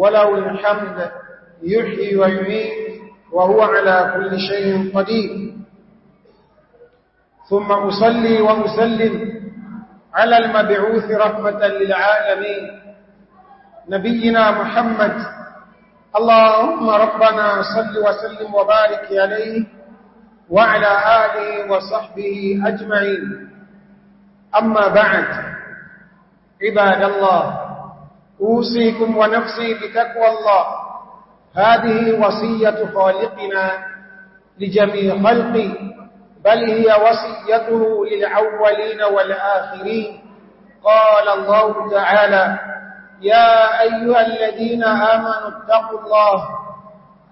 وله الحمد يحيي ويميت وهو على كل شيء قدير ثم أصلي وأسلم على المبعوث رحمة للعالمين نبينا محمد اللهم ربنا صل وسلم وبارك عليه وعلى آله وصحبه أجمعين أما بعد عباد الله أوصيكم ونفسي بتقوى الله هذه وصية خالقنا لجميع خلقه بل هي وصيته للأولين والآخرين قال الله تعالى يا أيها الذين آمنوا اتقوا الله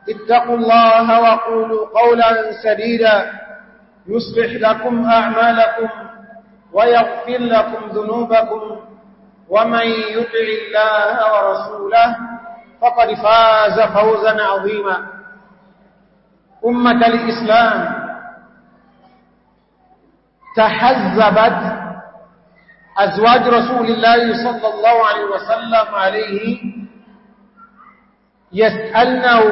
اتقوا الله وقولوا قولا سديدا يصلح لكم أعمالكم ويغفر لكم ذنوبكم ومن يطع الله ورسوله فقد فاز فوزا عظيما أمة الإسلام تحزبت أزواج رسول الله صلى الله عليه وسلم عليه يسألنه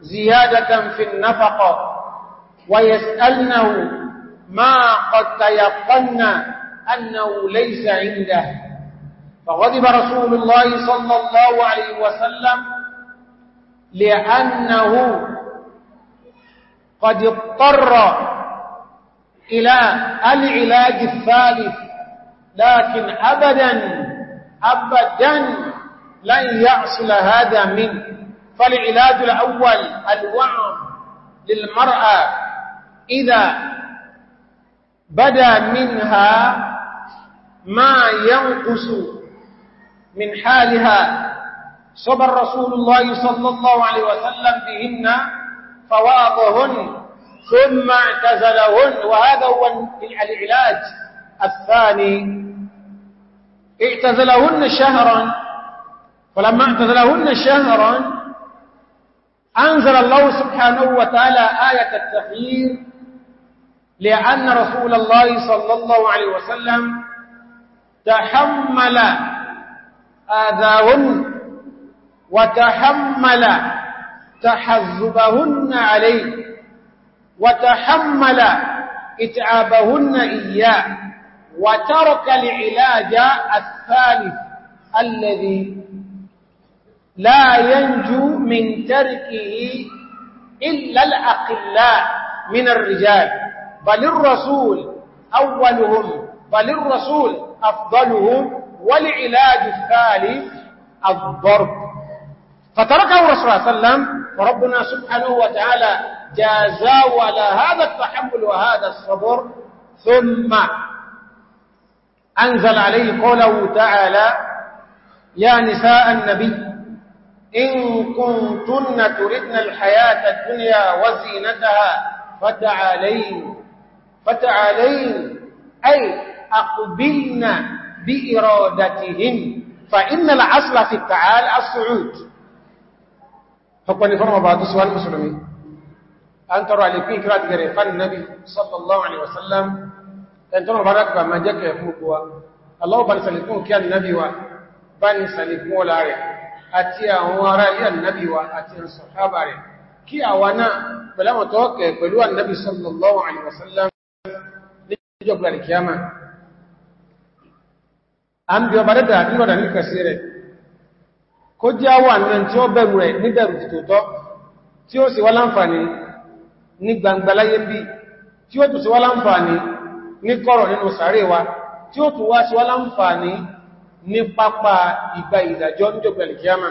زيادة في النفقة ويسألنه ما قد تيقن أنه ليس عنده فغضب رسول الله صلى الله عليه وسلم لأنه قد اضطر إلى العلاج الثالث لكن أبدا أبدا لن يحصل هذا منه فالعلاج الأول الوعم للمرأة إذا بدا منها ما ينقص من حالها صبر رسول الله صلى الله عليه وسلم بهن فواضهن ثم اعتزلهن وهذا هو العلاج الثاني اعتزلهن شهرا فلما اعتزلهن شهرا أنزل الله سبحانه وتعالى آية التخيير لأن رسول الله صلى الله عليه وسلم تحمل آذاهن وتحمل تحذبهن عليه وتحمل إتعابهن إياه وترك العلاج الثالث الذي لا ينجو من تركه إلا الأقلاء من الرجال بل الرسول أولهم بل الرسول أفضلهم والعلاج الثالث الضرب فتركه رسول الله صلى الله عليه وسلم وربنا سبحانه وتعالى جازاه على هذا التحمل وهذا الصبر ثم أنزل عليه قوله تعالى يا نساء النبي إن كنتن تردن الحياة الدنيا وزينتها فتعالين فتعالين أي أقبلنا بإرادتهن فإن الأصل في التعال الصعود حقا فرما بعض سواء المسلمين أن ترى لكي كرات غريفان النبي صلى الله عليه وسلم أن ترى بركة ما جاك يفوقها الله بان سلكون كيان النبي وبان سلكون لاري أتي أورالي النبي وأتي الصحابة كي أوانا بلا متوقع بلوى النبي صلى الله عليه وسلم لجبل الكيامة àmì ọba dẹ́dà nínú ọ̀dà nílùú kẹsí rẹ̀ kó jẹ́ àwọ̀ àmì tí ó bẹ̀rù rẹ̀ níbẹ̀rù tòótọ́ tí ó sì wá láǹfààní ní gbangba láyé bí tí ó tún sí wá láǹfààní ní kọ̀rọ̀ nínú sàárè wa tí ó tún wá sí wá láǹfààní ní pápá ìgbà ìdàjọ́ níjọba ìkíyàmà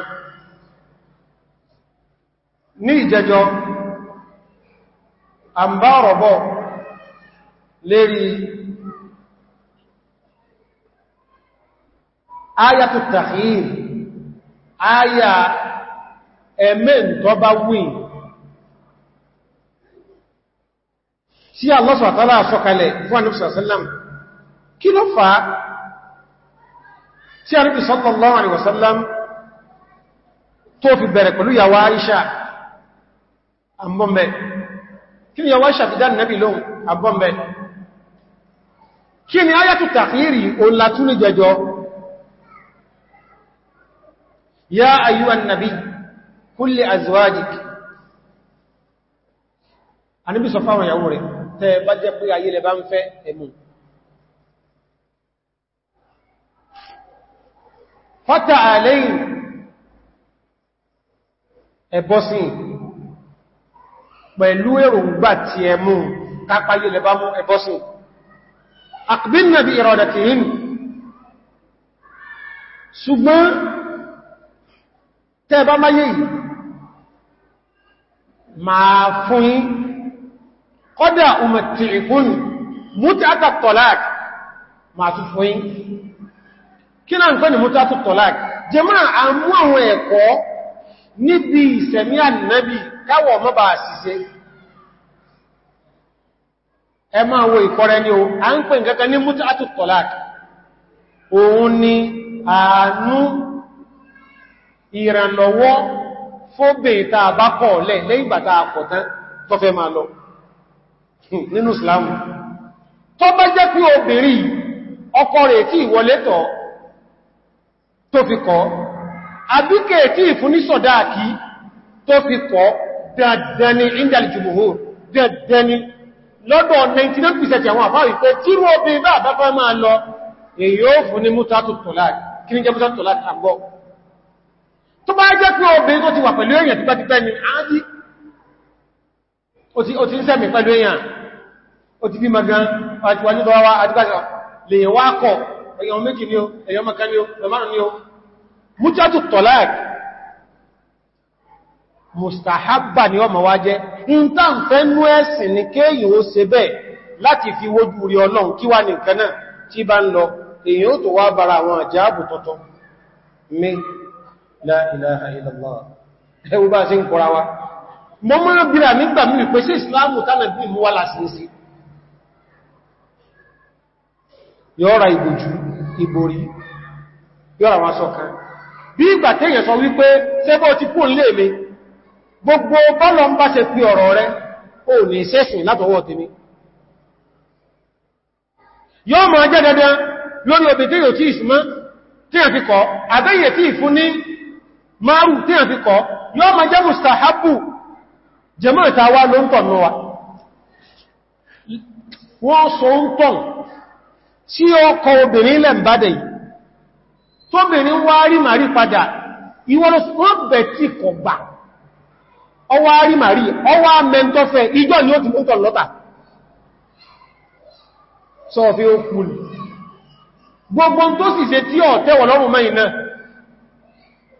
ayatu tahir aya ẹ̀mẹ́ tó bá wìn sí allọ́sọ̀ àtàlá sọ̀kalẹ̀ fún àníbìsọ̀sọ́lám kí ló fà á sí àníbìsọ̀lọ́wọ́ àníwọ̀sọ́lám tó fi bẹ̀rẹ̀ pẹ̀lú yàwó Aisha àbọ́m̀bẹ̀ kí ni yàwó Aisha fi dá nàbì lóhun àbọ́m̀bẹ̀ kí ni ayatu tahiri òun látúnì jẹjọ́ يا أيها النبي كل أزواجك Ànábì sọ fáwọn ìyàwó rẹ̀ tẹ́ bá jẹ́ pé ayé lẹ bá ń fẹ́ ẹmù fọ́tà àlẹ́yìn ẹ̀bọ́sìn pẹ̀lú èròǹgbà ti ẹmù kápá ayé mú ẹ̀bọ́sìn àkbínà bí ìrọ̀dàtìhìn ṣùgbọ́n tẹ́ bá máyé yìí máa fún yí mutu umarti ìkún mútàtà tọ́lák máa tún fún yí kí náà ń fẹ́ ni mútàtà tọ́lák jẹ máa àmú àwọn ẹ̀kọ́ níbi ìsẹ̀mí ànìyàn káwọ̀ bá ẹ máa wo ìkọrẹ ni o a ń pè nǹkan ní mútàtà tọ́lák ni ìrànlọ́wọ́ fóbè tá a bá kọ̀ lẹ̀ àpọ̀tán tó fẹ́ máa lọ hmm, nínú islamu tó bá jẹ́ obìnrin ọkọ rẹ̀ tí ìwọlé tọ́ tó fi kọ́ àbíkẹ̀ tí ìfúnnísọ̀dáàkí tó fi kọ́ dandani indalijubuhu dandani 99% lọ tó bá jẹ́ pé obìnrin tó ti wà pẹ̀lú èèyàn tipẹ́tipẹ́ ni a ti o ti ń sẹ́mì pẹ̀lú èèyàn o ti bí magan àtiwájú tó wá àdígbàjọ lè wá kọ̀ èèyàn méjì ni o èèyàn maka ni o ẹ̀mọ́rún ni o mújátù tọ́láàk mustahabba ni ọmọ wá jẹ́ ni kéèyàn ó ṣe bẹ́ẹ̀ láti fi wójú rí tó wá bara la ilaha illallah ẹwù bá ṣe ń kọ́ra wa mọ́ mọ́ bíra nígbà mí pé sí islamu tánàbí mú wà lásìísí yọ́ra ìbòjú ìborí yọ́ra wa sọ́kan bí ìgbà tẹ́yẹ̀ sọ wípé sẹ́bọ́ ti kú mi gbogbo bọ́lọ ń dandan lórí obìnrin tí yóò tí tí fi kọ̀ àbẹ́yẹ̀ márùn tí a fi kọ́ yóò ma jẹ́ mustahabu jẹmọ́ ìta ló wa wọ́n so ń tọ̀ tí ó kọ obìnrin ilẹ̀ ìbádẹ̀ wá rí màrí padà tí kọ gbà ọwá rí màrí ọwá mẹ́ntọ́fẹ́ ìjọ ni ó ti mútọ̀ lọ́ta fi ó gbogbo tó sì tí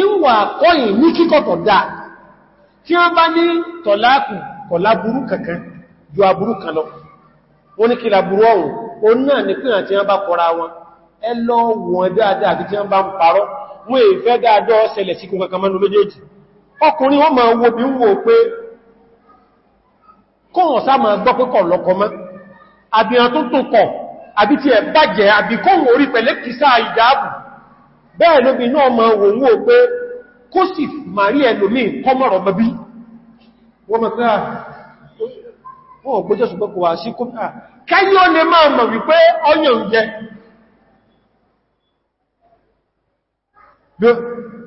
ìwà kọ́yìn ní kíkọ̀tọ̀ dáa tí wọ́n bá ní tọ̀láàkù kọ̀láburú kankan ju aburú kan lọ wọ́n ní kíra burú ọ̀hún o náà ní pín àti wọ́n bá kọra wọn ẹ lọ wọ́n dáadáa àti tí wọ́n bá ń parọ́ mú èfẹ́ dáadọ́ ṣẹlẹ̀ sí bàjẹ́ àbí kóhùn orí pẹ̀lẹ́ ìdáàbù bẹ́ẹ̀ lóbi náà ma wòwó pé kó sì marí ẹlòmí kọmọ̀rọ̀ bẹbí wọ́n mọ̀ pé àwọn ògbójẹ́ ṣùgbọ́n kò wà sí kó pẹ́ ah, kẹ́yí ó lè máa mọ̀ wípé ọyàn jẹ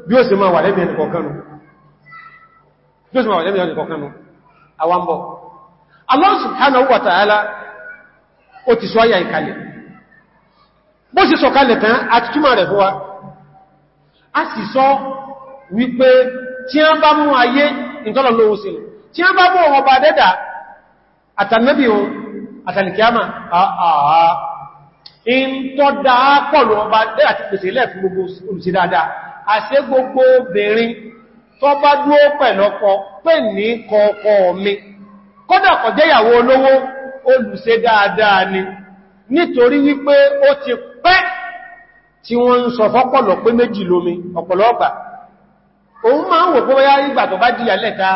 bí ó sì máa wà lẹ́bí sọ ya a sì sọ wípé tí a bá mú ayé ìtọ́lọ̀ lówó sílẹ̀ tí a bá mú ọba dẹ́dà àtànẹ́bì ohun àtàlìkíámà àà in tọ́ pọ̀lú ọba dẹ́dà ti pèsè ilẹ̀ fún gbogbo daadaa gbogbo olùsí dáadáa ni nítorí wípé ó ti pẹ́ tí wọ́n ń sọ fọ́pọ̀lọ̀ pé méjì lómi ọ̀pọ̀lọ́ọ̀gbà òun máa ń wò pé wáyá ìgbà tó bá dìyà lẹ́ta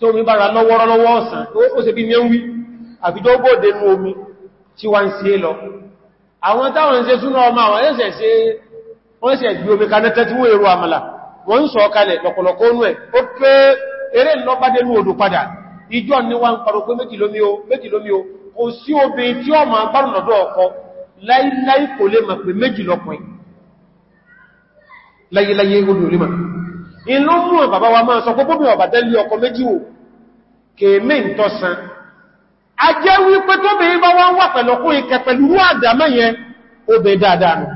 tó mi bára lọ́wọ́rọ́lọ́wọ́ ọ̀sán ó ṣe bí ní wí àbíjọ́ bóòdé nú omi tí wá ń ṣe lọ àwọn táwọn ṣe súnà ọmọ àwọn ẹ̀ṣẹ̀ ṣe wọ́n ṣe gbí omi kanẹ́tẹ́ tí wọ́n èrò àmàlà wọ́n ń sọ wá ń o méjì lómi o kò sí láíláí kò lè mọ̀ pé méjì lọ́kùnrin láyéláyé omi ò lè mọ̀ inú mú bàbá wa máa sọ pé bóbi ọ̀bà tẹ́lẹ̀ ọkọ méjì wò kèémé ń tọ́sán a jẹ́ wípé tó bèé bá wá wà pẹ̀lọ́kún ikẹ pẹ̀lú àdámọ́ yẹn ó bèé dáadáa nù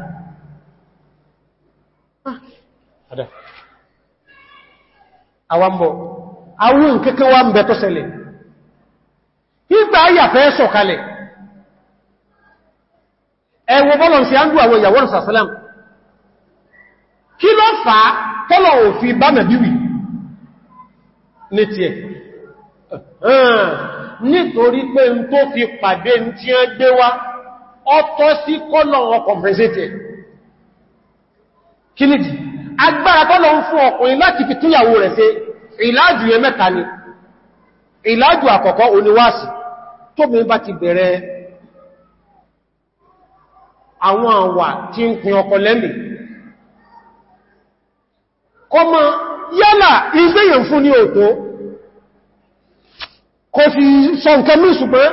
ah, ẹwọ bọ́lọ̀n sí ándú àwọn ìyàwó ìsàsálàm kí ló fà á tọ́lọ̀ òfin bá mẹ̀bíwì ní tiẹ̀ nítorí pé n tó fi pàdé n tí a gbé wá ọtọ́ sí kọ́lọ̀ ọkọ̀mpresétẹ̀ kí nìdí agbára tọ́lọ̀ ń fún ọkùnrin láti fi túnyàwó rẹ̀ ṣe ìlàjù yẹn mẹ́ta ni ìlàjù àkọ́kọ́ oníwáàsì tóbi bá ti bẹ̀rẹ̀ àwọn àwà tí ń pin ọkọ̀ lẹ́mì kọmọ yálà ìgbéyàn fún ní òtó kò fi sọ nǹkan mí ṣùgbọ́n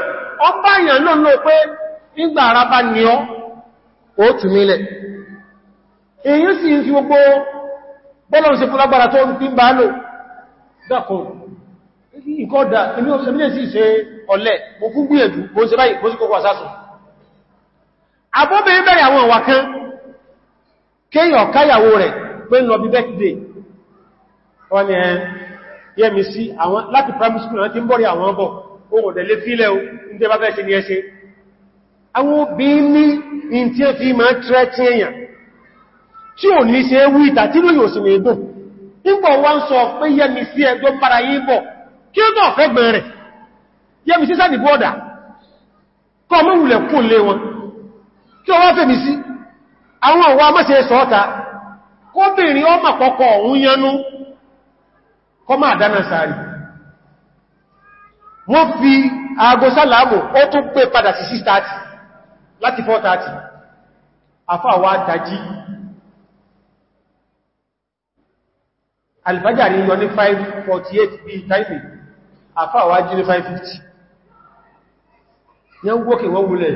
ọba náà náà pé nígbà ara bá ní ọ ó èyí sì ń fi gbogbo bọ́lọ̀ fún tó ń bá lò abóbìnrin bẹ̀rẹ̀ àwọn ọ̀wà kan kéyàn káyàwó rẹ̀ pé lọ bí birthday wọ́n ni ẹn yẹ́mi sí àwọn láti primary school náà ti ń bọ́rí àwọn ọbọ̀ ohun ọ̀dẹ̀lé fílẹ̀ o ní tẹ́ bá fẹ́ ṣe ní ẹṣẹ́ àwọn obìnrin ní tí ó fi máa tẹ́ẹ̀tì èèyàn tí ò ní ṣe wú ìtà tí ló yóò sì ní ẹgbùn nígbọ̀ wá ń sọ pé yẹ́mi sí ẹgbọ́ para yí bọ̀ kí ó tọ̀ fẹ́ gbẹ̀rẹ̀ yẹ́mi sí sáàdì bọ́ọ̀dà kọ́ mọ́ wùlẹ̀ kún lé wọn tí ọwọ́ fèmì sí àwọn ọwọ́ amẹ́sẹ̀ sọ́ọ́ta kóbìnrin ọmọ pọ̀pọ̀ òun yanú kọ máa dáná sáré wọ́n fi aago sálàmù ó tún pé padà sí 6:30 láti 4:30 àfáwà dájí alifájàrí yọ ní 5:48 bí táìmì àfáwà jí ní 5:50 yẹn wókè wọ́n wulẹ̀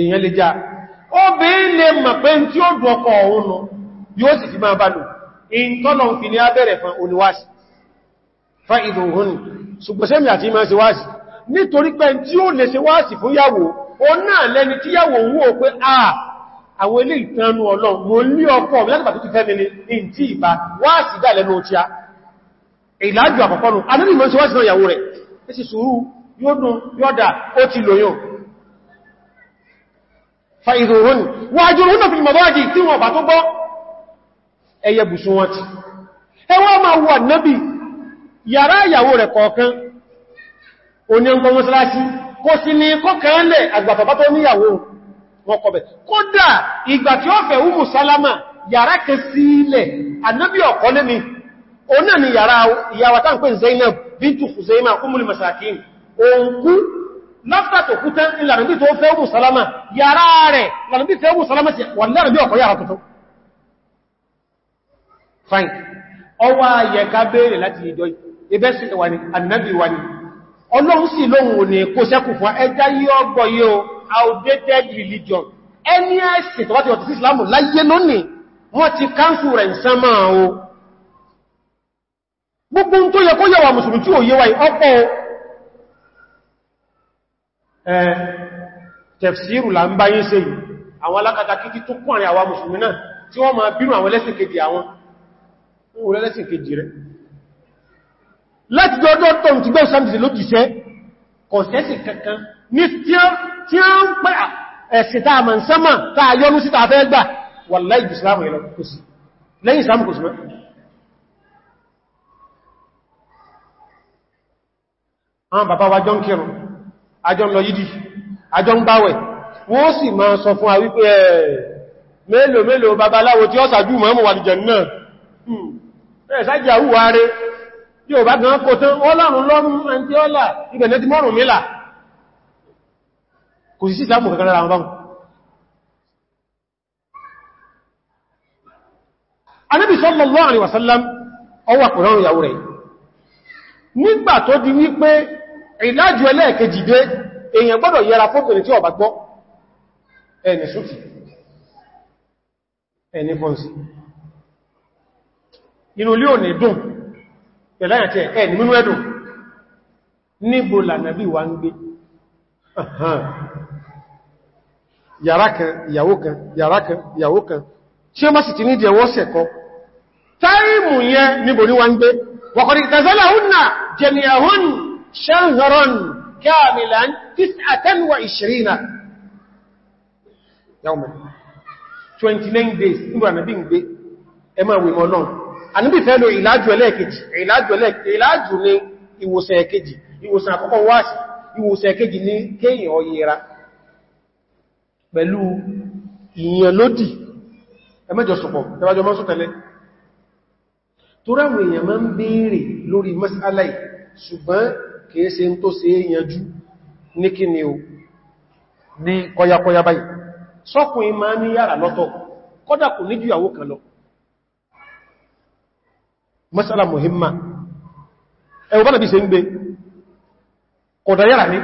èèyàn lè já obìnrin lè mọ̀ pé tí ó dùn ọkọ òun nù yóò sì fi máa bá lò ìntọ́nà fi ní abẹ́rẹ̀ fún oníwáṣì fa ìdùnhún ṣùgbọ́sẹ́mì àti ìmọ̀ sí wáṣì nítorí pé tí ó lè ṣe wáṣì fún yàwó ó náà lẹ́ni tí yàwó ń wò pé à àwọn ilé ìtànú ọlọ́run mo ní ọkọ lẹ́gbàá tó ti fẹ́ mi ní ìntí ìbá wáṣì dà fàìdòhún wájúrún náà fi mọ̀bọ́jì tí wọ́n bà tó gbọ́ ẹyẹ bùsùn wọn ti ẹwọ́ ma wà náàbì yàrá ìyàwó rẹ̀ kọ̀ọ̀kan oní ọkọ̀ mọ́sálásí kò sí ní kọ́kànlẹ̀ àgbàtàbá tó umu salama lápàtò kútẹ́ ìlànàbí tó fẹ́ òmù sálámà yàrá rẹ̀ lànàbí tó òmù sálámà sí wà lẹ́rìnbí ọ̀kọ̀ yàrá tuntun fine ọwọ́ ayẹ̀ká bèèrè láti ìjọ ibẹ́ sí wà ní annabi wà ní ọlọ́run lóhun kó sẹ́kù gbogbo tẹ̀fsíìrù là ń bá yí ṣe àwọn alákàtà kìtì tó kún àrin àwa mùsùlùmí náà tí wọ́n máa bínú àwọn ẹlẹ́sìn kejì àwọn ohun ẹlẹ́sìn kejì rẹ̀ láti dọ́dọ́ tó ti gbẹ́ ìṣàmìsì ló jìṣẹ́ kọ̀sẹ́sì kankan ní tí ó ń pẹ́ ẹ̀sìn tàà mọ̀ sánmà tàà yọnú àjọ ń lọ yídì àjọ ń gbáwẹ̀ wọ́n sì máa sọ fún a wípé ẹ̀ mélòó mélòó babaláwo tí ó sàjú mọ́mù wà nìjẹ̀ náà hmm. ẹ̀ sájì àwúwà rẹ̀ yóò bá gan kò tán ọlọ́run anábì sallallahu alaihi wasallam ọwà pẹ̀lọ́rùn ìyàwó rẹ̀ nígbà tó di wípé ìlàjù ẹlẹ́ẹ̀kejì dé èèyàn gbọ́dọ̀ yẹra fóbìnrin tí ọba gbọ́ ẹni sútì ẹni fọ́nsí inú ilé òní dùn pẹ̀láyàtẹ̀ ẹni mínú ẹ̀dùn níbo lànàbí wa ń gbé yàrá kan ìyàwó kan yàrá kan ìyàwó kan tí ó شهرا كاملا تسعة وعشرين يوما 29 days nígbà ànàbí ń gbé ẹmọ ìwọ̀n náà ànàbí fẹ́ lo ìlàjù ẹlẹ́ẹ̀kejì ìlàjù ẹlẹ́ẹ̀kejì ìlàjù ní ìwòsàn ẹ̀kejì ìwòsàn àkọ́kọ́ wá sí ìwòsàn ẹ̀kejì ní kéyìn ọyẹra pẹ̀lú ìyàn lódì ẹmẹ́jọ sọ̀pọ̀ ẹwàjọ mọ́ sọ́tẹ̀lẹ́ tó ráwọ̀ èèyàn máa ń béèrè lórí mọ́sálàì ṣùgbọ́n kìí ṣe tó ṣe yanjú ní kí ni o ní kọyakọya báyìí sọ́kùnrin máa ní yàrá lọ́tọ̀ kọ́dà kò ní ju kan lọ masala muhimma ẹwọ bá nàbí ṣe ń gbé kọ̀dà yàrá ní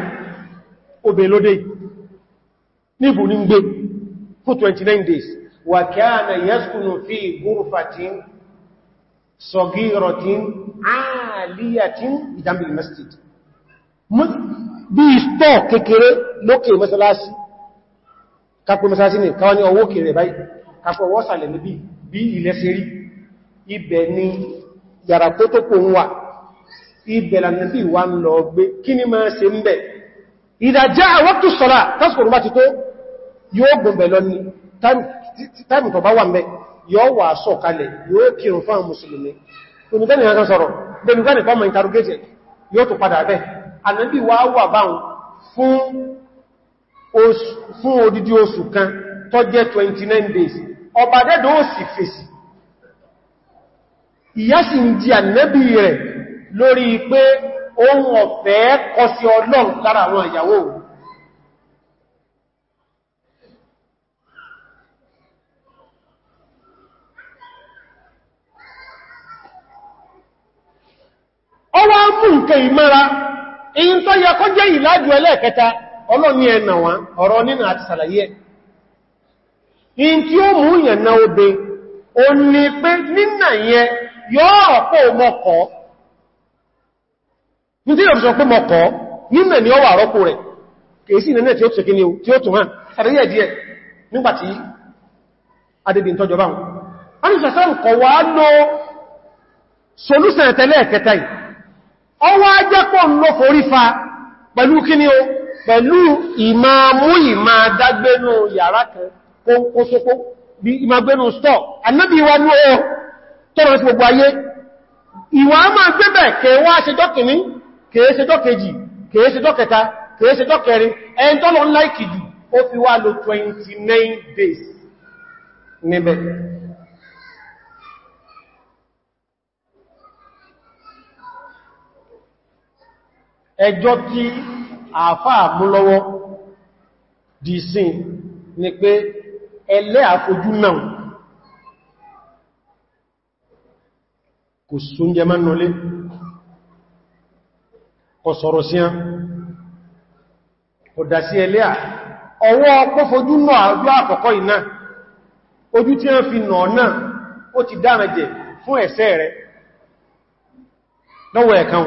obè lóde níbù ní gbé fún 29 days wà kana yaskunu fi ghurfatin saghiratin aliyatin ìdámbìl masjid bí ìstọ̀ kékeré lókè mẹ́sàlásí kápò mẹ́sàlásí ní káwọn ní ọwọ́ kèrè báyìí kápò ọwọ́ sàlẹ̀ níbi bí ilẹ̀ sí rí ibẹ̀ ni yàrá tó tó kò ń wà ibẹ̀ lànàbí wà ń lọ gbé kí ni máa ṣe ń bẹ̀ ìdàjá àwọ́tù sọ́lá tásìkòrò bá ti tó yóò gbọ̀nbẹ̀ lọ ní táìmù tó bá wà mẹ́ yóò wà sọ̀kalẹ̀ yóò kírun fáwọn mùsùlùmí onítẹ́nìyàn kan sọ̀rọ̀ bẹ̀lúgbẹ́nì fọ́mọ̀ interrogated yóò tó padà bẹ́ẹ̀ ànábì wa wà báhùn fún odidi oṣù kan tó jẹ́ 29 days ọba dẹ́dọ̀ ó sì fèsì ìyá sì ń di ànábì rẹ̀ lórí pé ohun ọ̀fẹ́ kọ sí ọlọ́run lára àwọn ìyàwó ọwọ́ mú nǹkan ìmára in tó yẹ kó jẹ́ ìlàjú ẹlẹ́ẹ̀kẹta ọlọ́ni ẹ̀nà wọn ọ̀rọ̀ nínú àti sàlàyé in tí ó mú yẹ̀nà obe o ní pé nínà yẹ yóò ọ̀pọ̀ mọ́kọ̀ ní tí yóò sọ pé mọ́kọ̀ nínà ni ó wà rọ́pò rẹ̀ kèsí ìnẹ́nẹ́ tí ó tẹ̀kí ni tí ó tún hàn sàlàyé díẹ̀ nígbàtí adébì ń tọ́jọ báwọn ọwọ́ ajẹ́pọ̀ lọ forí pẹ̀lú kí ni o pẹ̀lú ìmàmú ìmà dágbénú yàrá kan kókósókó bí ìmàgbénú stọ̀ annabi wa ní o tọ́rọ sí gbogbo ayé ìwà a máa gbébẹ̀ kẹwà ṣejọ́ kìíní kèé ẹjọ́ tí àáfàá mú lọ́wọ́ dìísìn ni pé ẹlẹ́ àfojú náà kò súnjẹ máa nọlé kò sọ̀rọ̀ sí án kò dà sí ẹlẹ́ à ọwọ́ pọ́fojú náà àjú àkọ́kọ́ iná ojú tí wọ́n fi nà náà ó ti dára jẹ fún ẹ̀ṣẹ̀ rẹ̀ lọ́wọ́ ẹ̀kan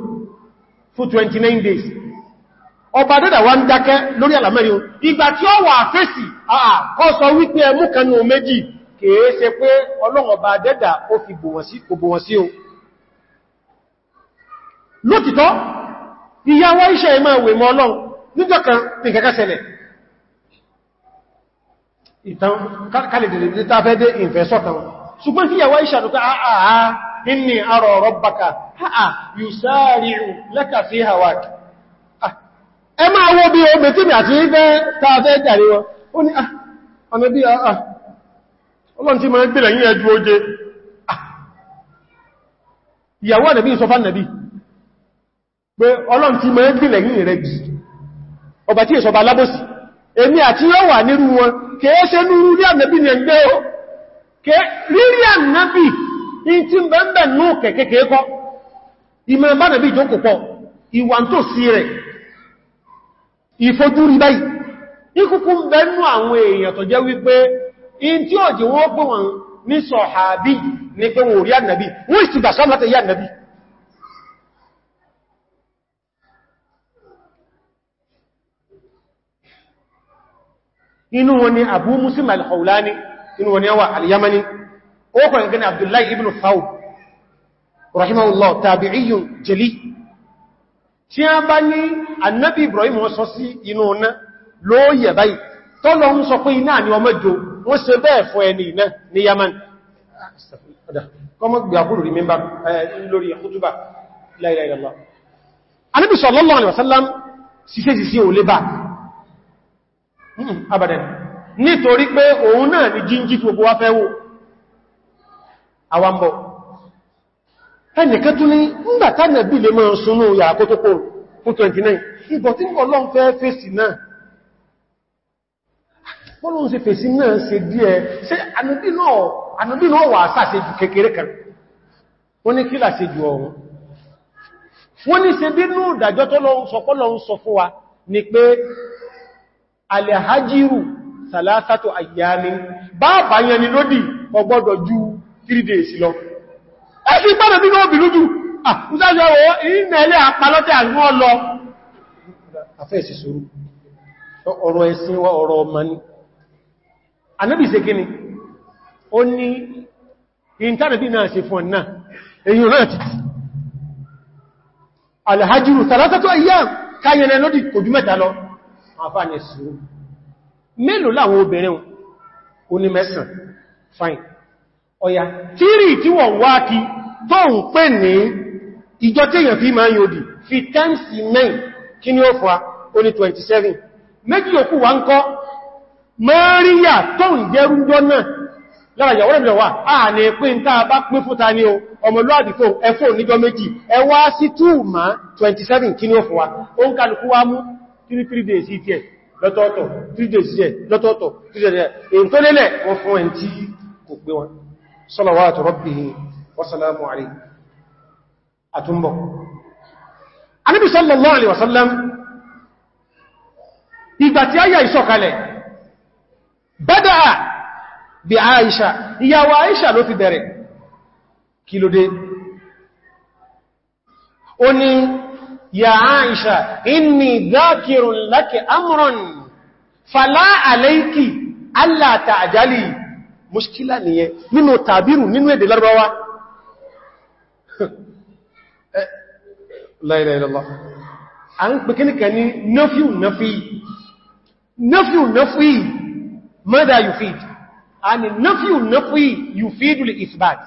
fún 29 days ọba dọ́dà wá ń dákẹ́ lórí àlàmẹ́rin ìgbà tí ó wà fèsì àkọ́ sọ wípé ẹmú kanú méjì kèé ṣe pé ọlọ́ọ̀bá dẹ́dà ó fi gbò wọ́n sí o lótìtọ́ ìyàwó iṣẹ́ ìmọ̀ ìwé mọ́ ọlọ́run níjọ́ kan ní kẹ́kẹ́ ṣẹlẹ̀ ìtàn kálẹ̀dẹ̀lẹ̀ إني أرى ربك ها يسارع لك في هواك أما هو بي أمي تمي أتيك تافي جاري وني أه أنا بي أه الله أنت ما na أن يجو ti bi in ti bẹ̀m̀bẹ̀ ní òkè kékeré kọ́ ìmọ̀ bá nàbí ìjókò pọ̀ ìwà rẹ̀ ìfojú báyìí ikúkú bẹ̀nú àwọn èèyàn tó jẹ́ wípé in tí ó jẹ́ wọ́n pọ̀ wọn ní sọ̀hábí ní pé wọ́n rí ànàbí wọ́n ìsìgbà sọ́mọ́tẹ̀ yà ànàbí inú wọn ni Abu Muslim al-Khawlani inú wọn ni yawa ó kọ̀ ìgbẹ̀ni Abdullahi ibn Thawb rahimahullah tabi'iyyun jali tí a bá ní annabi Ibrahim wọ́n sọ sí inú ọ̀nà lóòyẹ̀ báyìí tọ́lọ ń sọ pé iná ni ọmọ jò wọ́n ṣe bẹ́ẹ̀ fọ́ ẹni iná ní Yaman Ànábì sallallahu alaihi wasallam síse sí sí ò lé bá hmm, nítorí pé òun náà ni jíjí tí gbogbo wá fẹ́ wò Awambo, ẹnìkan tún ní ńgbàtà nẹ̀bí lè máa súnú yàkó tó kó fún 29 ìbọ̀ tí ọlọ́n fẹ́ fèsì náà bọ́lọ́n ṣe fèsì náà ṣe díẹ̀ ṣe ànàbí náà wà sáṣe jù kékeré kan wọ́n ní kílà ṣe jù ọ̀run wọ́n ní ṣe bí nú ìdàjọ́ tó lọ sọpọ́lọ́ ń sọ fún wa ni pé alẹ́hajiru salasatu ayyami bá ju three days lọ ẹ̀sì pẹ́lẹ̀ bí wọ́n bìnú jù àkúsájọ́ wọ́n ìrìnà ilé àpalọ́tẹ̀ àwọn lọ afẹ́ẹ̀sì sọ́rọ̀ ọ̀rọ̀ ẹ̀sìn wa ọ̀rọ̀ ọmọ ní anábì ṣe kíni ó ní ìntánàbí náà ṣe fún ọ̀nà èyí ọ̀yá tírì tí wọ́n wá kí tó ń pè ní ìjọ tí èyàn fi máa ń yòdì fi times 9 kí ni ó fà ó ní 27 méjì yòókù wá ń kọ́ mọ́ríyà tó ń jẹ́rú jọ náà lára ìyàwó rẹ̀ wà á ní pín tá a bá pín fúta ní o ọmọlúwàdì fún ẹfò níjọ méjì ẹ sí 2 ma 27 kí ni ó fà wá ó ń kálukú wá mú 3 days ìtẹ́ lọ́tọ̀ọ̀tọ̀ 3 days ìtẹ́ lọ́tọ̀ọ̀tọ̀ 3 days ìtẹ́ èyí tó lélẹ̀ wọ́n fún ẹ̀ tí kò gbé wọn صلوات ربه وسلامه عليه أتنبه النبي صلى الله عليه وسلم ìgbàtí ayà ìṣọ̀kalẹ̀ bẹ́dàá bí àìṣà ìyàwó àìṣà ló ti bẹ̀rẹ̀ kí ló dé ó ní ya àìṣà inni dákìrùn lákì amúrùn fàlá àlẹ́ìkì allá tààjálì muskila nìyẹn nínú tàbírù nínú èdè lárúbáwá eh, la ilaha illallah a ń pè kíníkà ní nafiu nafi nafiu nafi mada yufid a ni nafiu nafi yufidu li isbat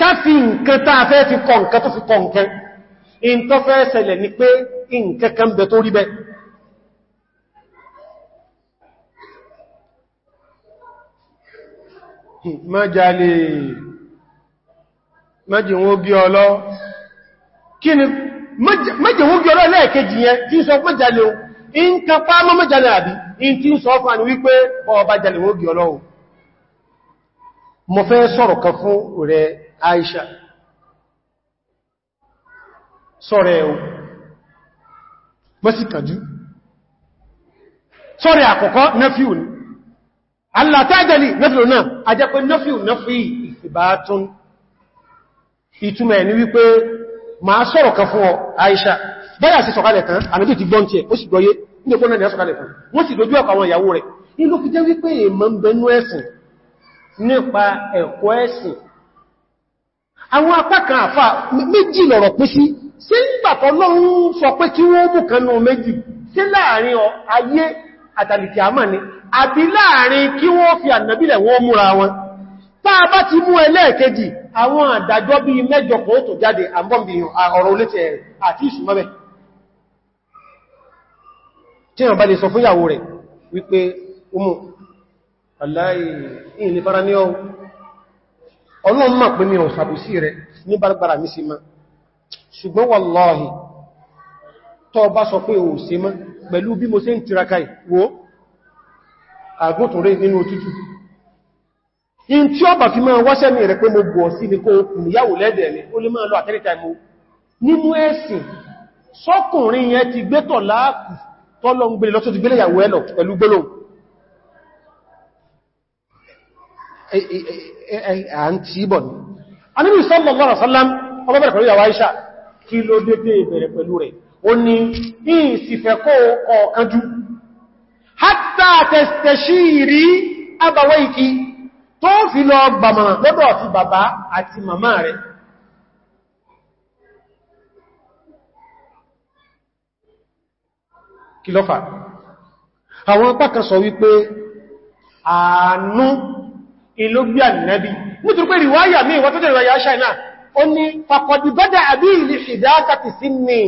káfí nǹkan tàà fẹ́ fi kọǹkan tó fi kọǹkan in tó fẹ́ ṣẹlẹ̀ ni pé nǹkan kan bẹ tó rí bẹ́ẹ̀ mọ́jálè mọ́jìnwó gí ọlọ́ kí ni mọ́jìnwó ọlọ́ yẹn tí o in ka pàmọ́ àbí in tí ń sọ wípé ọba jálè wó gí ọlọ́ mo fẹ́ sọ̀rọ̀ kan fún rẹ̀ Aisha sọ̀rẹ̀ o akụkọ Allah ta'jali naflu náà a jẹ́ pé naflu naflu ìfìbátún ìtumẹ̀ ní wípé ma sọ̀rọ̀ kan fún ọ Aisha bẹ́yà sí sọ̀kalẹ̀ kan àmìdí ti gbọ́n tí ẹ ó sì gbọ́yé ní ọgbọ́n náà ni a sọ̀kalẹ̀ kan wọ́n sì dojú ọkọ̀ àwọn ìyàwó rẹ̀ inú fi jẹ́ wípé èèmọ̀ ń bẹnú ẹ̀sìn nípa ẹ̀kọ́ ẹ̀sìn àwọn àbí láàrin kí wọ́n fi ànàbílẹ̀ wọ́n múra wọn táa bá ti mú ẹlẹ́ẹ̀kejì àwọn àdájọ́ bí mẹ́jọ kò tó jáde àbọ́m̀bì ọ̀rọ̀ olétẹ̀ rẹ̀ àti ìṣùmọ́bẹ̀ tí wọ́n bá lè sọ fún ìyàwó rẹ̀ wípé umu pẹ̀lú bí mo ń àgúntúnrí nínú òtútù in tí ó bà fi máa wáṣẹ́ ní rẹ̀ pé mo bọ̀ sí ní kó ìyàwó lẹ́dẹ̀ ní ó lè máa lọ àtẹ́rítà ìmú nínú ẹ̀sìn sọ́kùnrin yẹn ti gbétọ̀ láàkù tọ́lọ ń gbélé lọ́tọ́ ti gbélé ìyàwó ẹlọ pẹ̀lú gbélò àǹtí bọ̀ ní Ànábì sallallahu alaihi wasallam ọmọbẹ̀rẹ̀ pẹ̀lú ìyàwó Aisha kí ló dé dé ìbẹ̀rẹ̀ pẹ̀lú rẹ̀ ó ní ìsìfẹ́kọ́ ọ̀kanjú Hatta tẹ̀ṣìírí abàwẹ́ ikí tó fi lọ gbàmọ̀ràn lọ́dọ̀ fi bàbá àti màmá rẹ̀ kí lọ́fà àwọn apákan sọ wípé àánú ìlógbí ànìyàn nítorí pé ríwáyà ní ìwọ́n tó jẹ́ ìwáyà ṣáìnà ó ní pàkọ̀dì bọ́dà àbí ìlú ìdáta ti sí ní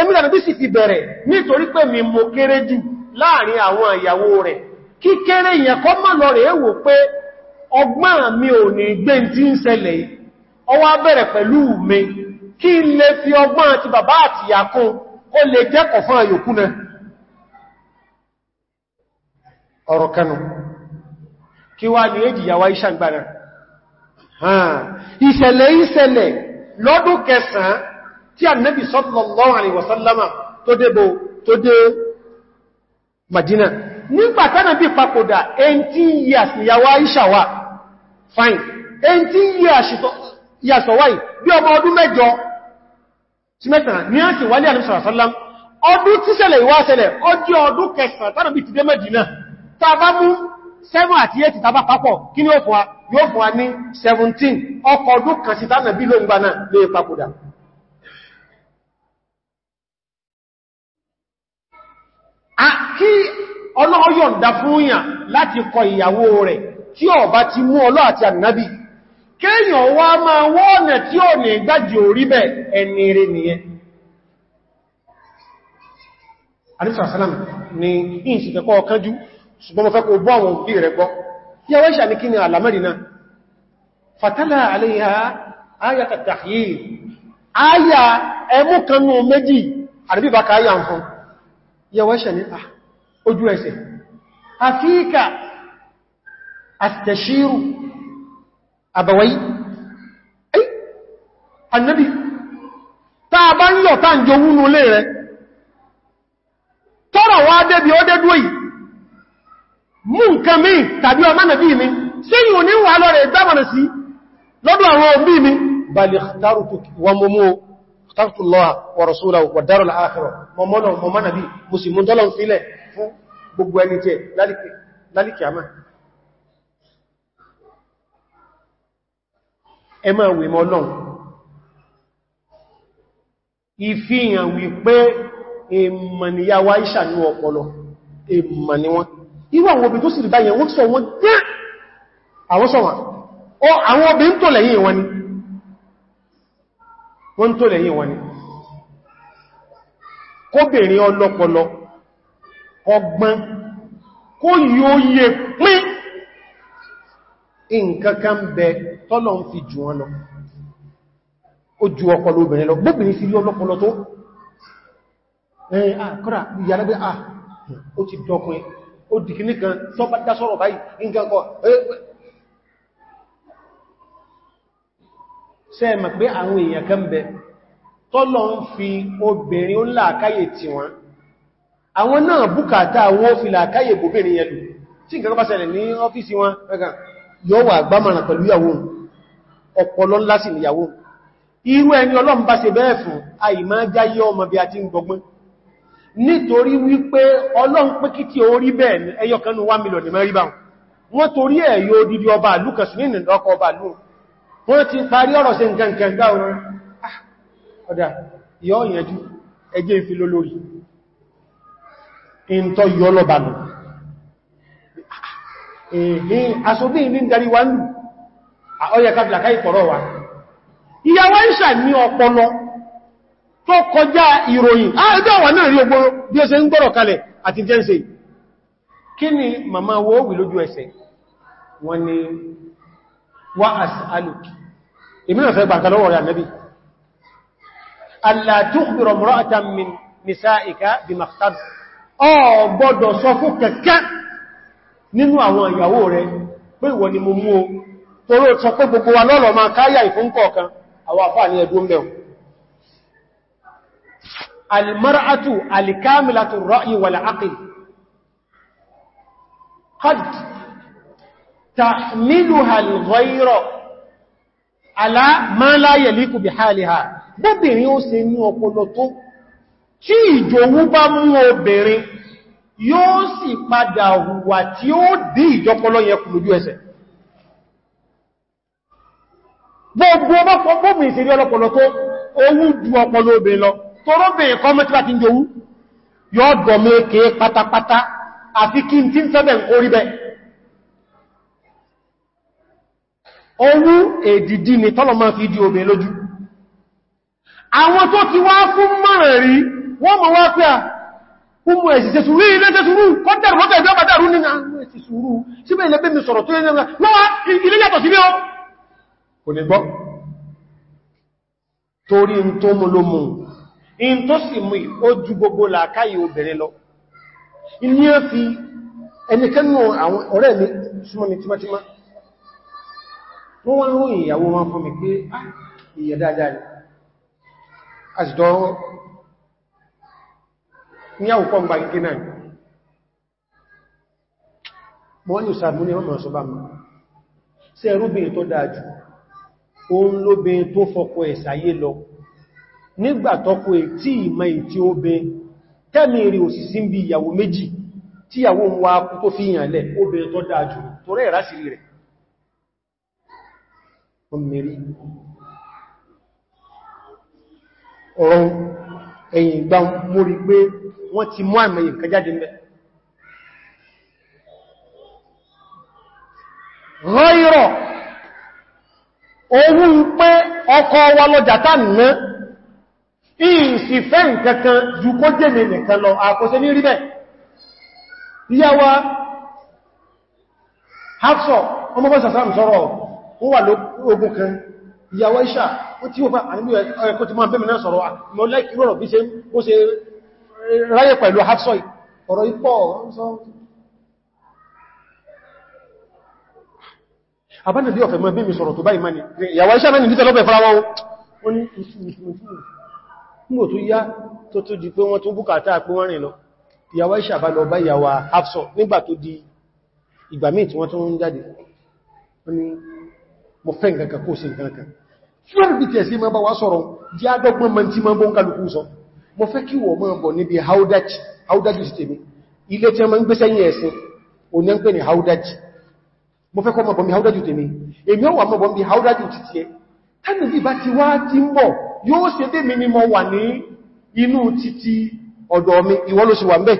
èmìlànà bí ti bẹ̀rẹ̀ nítorí pé mi mo kéré láàrin àwọn ìyàwó rẹ̀ kíkéré ìyẹn kọ́ mọ́ lọ rẹ̀ wò pé ọgbọ́n mi ò ní gbé tí ń ṣẹlẹ̀ ọwá bẹ̀rẹ̀ pẹ̀lú mi kí n lè fi ọgbọ́n ti bàbá àti o le lè jẹ́kọ̀ fún àyòkú lọ́dún kẹsàn-án tí Ànábì sallallahu alaihi wasallama tó débò to de. Madina nígbà tánà bí papòdà 18 years ni yàwó fine 18 years ọwáì bí ọmọ ọdún mẹ́jọ tí mẹ́tàrà ní àti wálé àlúsàrásálám ọdún tí ṣẹlẹ̀ ìwá ṣẹlẹ̀ ọjọ́ ọdún kẹsàn tánà bí ti Madina tàbá mú 7 àti 8 tàbá papọ̀ kí ni ó fún wa yóò fún wa ní 17 ọkọ̀ ọdún kan sí tánà kí ọlọ́ọ̀yọ̀nda fúnyàn láti kọ ìyàwó rẹ̀ tí ó bá ti mú ọlọ́ àti ànábì kéèyàn wá máa wọ́ọ̀nà tí ó ní gbájì orí bẹ̀ ẹni rẹ̀ nìyẹn alìsàsálàmù ẹmú kanú méjì àdìbíbàkà ayà ń fún yẹwọ́ṣẹ̀ ní ah, ojú ẹsẹ̀ àfíkà àtẹ̀ṣírù àbàwáyí ẹ́ annabi táa bá ń yọ̀ táa ń jọ wúnú lè rẹ tọ́rọ wá débi ó dédú èyí mú nǹkan mi tàbí ọmọ nàbí mi sí ìwò ní wà lọ́rẹ̀ ìgbàmọ̀nà sí lọ́dún àwọn òbí mi balẹ̀ tààrù wọ́n tàbí lọ́wà wọ̀rọ̀súra wọ̀dárò láàkọrọ̀ mọ̀mọ́nà mọ̀mọ́nà bí musulmù tọ́lọ̀ ń sílẹ̀ fún gbogbo ẹni tẹ́ lálìkìyàmá ẹ máa wè mọ́ lọ́n ìfihàn wípé èmànìyàwó Aisha ní ọpọlọ èmànìwọ́n ìwọ̀n àwọn obìnrin wọ́n tó lẹ́yìn wọn ni kóbìnrin ọlọ́pọlọ ọgbọ́n kó yíó yẹ pín nǹkankan bẹ tọ́lọ ń fi jù wọn lọ ó ju ọpọlọ obìnrin lọ gbóbìnrin sí ọlọ́pọlọ tó ẹ̀yìn àkọ́rà ìyàlẹ́gbẹ́ à sẹ́ẹ̀mọ̀ pé àwọn èèyàn kan bẹ tọ́lọ ń fi obìnrin ó làákáyè tí wọ́n àwọn náà bùkátà wọ́n fi làákáyè bóbìnrin yẹn lù tí nǹkan bá ṣẹlẹ̀ ní ọ́fíìsì wọn yóò wà gbámọ̀ràn pẹ̀lú ìyàwó ọpọlọ ńlá sì níyàwó irú ẹni ọlọ́run bá ṣe bẹ́ẹ̀ fún àìmá jáyé ọmọ bí a ti ń gbọgbọ́n nítorí wípé ọlọ́run pé kí tí ó rí bẹ́ẹ̀ ní ẹyọkanú 1 mílíọ̀nù wọ́n ti parí ọ̀rọ̀ sí nǹkan nǹkan gbá ọ̀rọ̀ ọ̀dá yọ́ ìyẹjú ẹgbẹ́ ìfiló lórí ìntọ́ yọ́ lọ́bànà èyí aṣòbí ìní darí wá nù ọyẹ kàbìlàká ìpọ̀rọ̀ wa ìyàwó ìṣà ní ọpọlọ tó kọjá ìròyìn ah, àádọ́ ogboro wá àsìálùkì èmi náà fẹ́ gbàǹkà lọ́wọ́ rẹ̀ ànẹ́bí alàtúkbìrọ̀ mura'atan min nisa'ika bí maktab ọ gbọ́dọ̀ sọ fún kẹ̀kẹ́ nínú àwọn ìyàwó rẹ̀ pé ìwọ ni mo mú o torí ó sọ gbogbo wa lọ́lọ́ máa káyà ìfún kọ̀ọ̀kan àwọn àfáà ní ẹgbó mẹ́ almar'atu alikamilatu ra'yi wal aql qad تحملها الغير على ما لا يليق بحالها bóbìnrin ó ṣe ní ọpọlọ tó tí ìjòwú bá mú obìnrin yóò sì padà hùwà tí ó dí ìjọpọlọ yẹn kù lójú ẹsẹ̀ gbogbo ọmọkọ̀ gbogbo ìṣẹ́rí ọlọ́pọlọ tó owú ju ọpọlọ obìnrin lọ àfi kí n tí ń sẹ́bẹ̀ ń kórí bẹ́ẹ̀ owú èdìdí ni tọ́lọ̀ máa fi di obìnrin lójú àwọn tó ti wá fún mọ́rẹ̀ rí wọ́n mọ̀ wá pé à kúmù ẹ̀sìsẹ̀ sùúrù ilé tẹ́ sùúrù kọ́ntẹ̀rù lọ́tẹ̀ ẹ̀bẹ́ ọmọdáru ní àwọn ẹ̀sì sùúrù síbẹ̀ ilẹ̀ bẹ́mi sọ̀rọ̀ tó lẹ́nà lọ́wọ́ ilé yàtọ̀ sí ní ọ kò ní gbọ́ torí ọ̀rẹ́ mi súnmọ́ mi tímátímá wọ́n wọ́n ròyìn ìyàwó wọn fún mi pé ah, ìyẹ̀ dáadáa ni a sì dọ́rọ́ ní àwùkọ́ ń gba kíkẹ́ náà mọ́ ní ìsàmú ní ọmọ ọ̀sọ́bá mọ́ sí ẹrúbìnrin tó dáa jù òun lóbin tó fọkọ ẹ̀sàyé lọ nígbàtọ́kọ ètí ìmọ̀ ètí ó bẹ tẹ́mì rí òsìsí ń bí ìyàwó méjì tíyàwó ń wá kú tó fi ìyànlẹ̀ ó tó dáa jù ìrásìrí rẹ̀ wọ́n mẹ́rí ọ̀rọ̀ ẹ̀yìn ìgbà mórí pé wọ́n ti mú àmẹ́yìn kan jáde mẹ́ rọ́ìrọ̀ owó ń pé ọkọ̀ wa lọ́jà tánà ìsì fẹ́ nǹkankan jù kó jẹ́mẹ̀ nìkan lọ àkóṣe ní rí bẹ́ ìyá wa Hafsọ ọmọ bọ́sàsá sọ̀rọ̀ ó wà lógún kan ìyàwó ìṣà ó tí ó fa àníbí ẹ̀kọ́ ti máa bẹ́mi náà sọ̀rọ̀ mọ́ láìkí rọ̀rọ̀ bí ṣe ráyẹ̀ pẹ̀lú hapsoi ọ̀rọ̀ ipọ̀ àbánàbí ọ̀fẹ́ mọ́ bẹ́mi sọ̀rọ̀ tó báyìí mani ìyàwó ìṣà mẹ́ni dítẹ̀ lọ́pẹ̀ farawa ó ní ìsìnkú tó yá tó tó di pé wọ́n tó bùkátà pé wọ́n rìn lọ ìyàwó ìṣà bá lọ bá ìyàwó hapsoi nígbà tó ìgbà míì tí wọ́n tó ń jáde mo fẹ́ nǹkan kó sí nǹkan fẹ́rẹ̀ bí tẹ̀sí ma bá wá sọ̀rọ̀ jí adọ́gbọ́n mọ́ tí ma bọ́ ń kálukú sọ mo fẹ́ kí wọ́n mọ́ bọ̀ níbi haudaji sistemi ilé tí a ma ń gbé sẹ́yìn ẹ̀sìn òní ń pè ní haudaji mo fẹ́ kọ́ mọ́ bọ̀ mi haudaji ni mo wà ní inú títí ọ̀dọ̀ mi ìwọ ló sì wà mẹ́